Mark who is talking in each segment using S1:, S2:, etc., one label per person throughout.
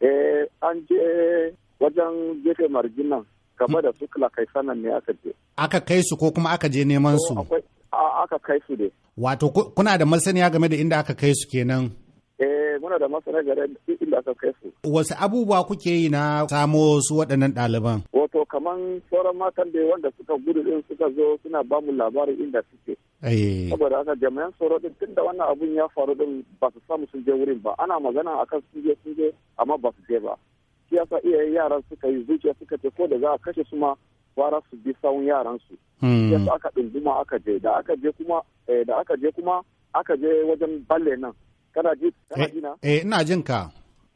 S1: eh an je wajen gefe marginan gaba da su kai sanan ne aka je
S2: aka kai su ko kuma aka je neman su
S1: aka kai su ne
S2: wato kuna da masaniya game da inda aka kai su kenan
S1: eh muna da masana gare inda aka kai su
S2: wasu abubuwa kuke yi na samo su waɗannan ɗaliban
S1: wato kaman sauran matan da wanda suka gudu din suka zo suna bamu labarin inda suke Eh. saboda haka jami'an tsaro din tun da wannan abun ya faru din ba su samu sun je wurin ba ana magana akan sun je sun je amma ba su je ba shi yasa iyaye yaran suka yi zuciya suka ce ko da za a kashe su ma wara su bi sawun yaran su hmm. yasa aka dinduma aka je da aka je kuma eh, da aka je kuma aka je wajen balle nan kana ji kana eh, ji na eh
S2: ina jin ka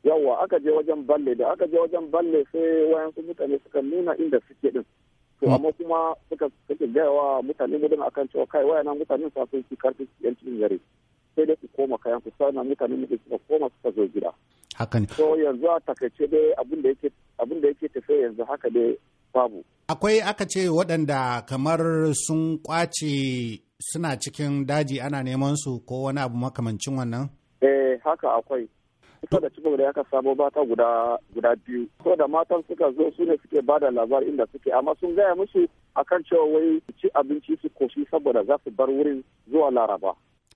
S1: yawa aka je wajen balle da aka je wajen balle sai wayan su mutane suka nuna inda suke din Hmm. amma kuma suka suka gaya wa mutane mudun akan cewa kai wayana mutanen sa sun ci karfi yan cikin gari sai dai su koma kayan su na mutanen mu suka koma suka zo gida haka ne to yanzu a takaice dai abin da yake abin da yake tafe yanzu haka dai babu
S2: akwai aka ce waɗanda kamar sun kwace suna cikin daji ana neman su ko wani abu makamancin wannan
S1: eh haka akwai kusa da cikin da ya ka samo mata guda guda biyu ko da matan suka zo su ne suke bada labarin inda suke amma sun gaya musu akan cewa wai ci abinci su koshi saboda za su bar wurin zuwa laraba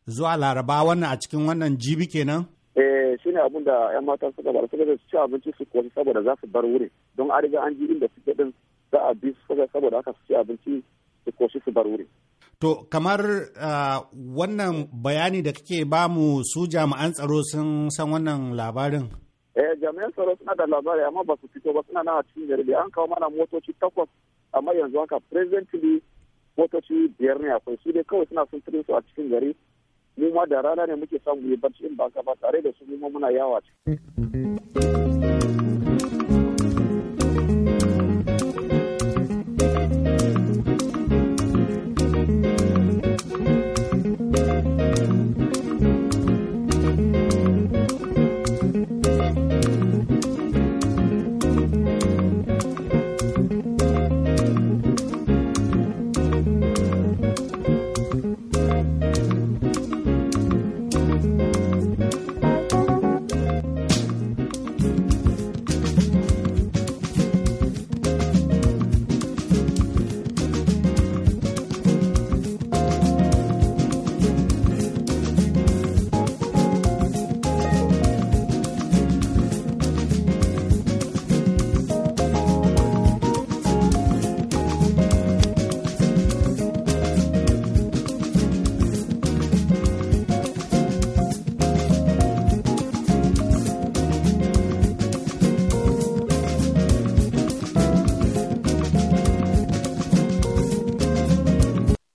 S2: zuwa laraba wannan a cikin wannan jibi kenan
S1: eh shi ne abin da yan matan suka bar suka ci abinci su koshi saboda za su bar wurin don an riga an ji inda suke din za a bi su saboda haka su ci abinci su koshi su bar wurin
S2: To, kamar uh, wannan bayani da kake bamu su jami'an tsaro sun san wannan labarin?
S1: Eh, jami'an tsaro suna da labari amma ba su fito ba suna na cikin jirgi an kawo mana motoci takwas amma yanzu haka presently motoci biyar ne akwai su dai kawai suna sun su a cikin gari mu ma da rana ne muke samu yi barci in ba ka ba tare da su mu muna yawa cikin.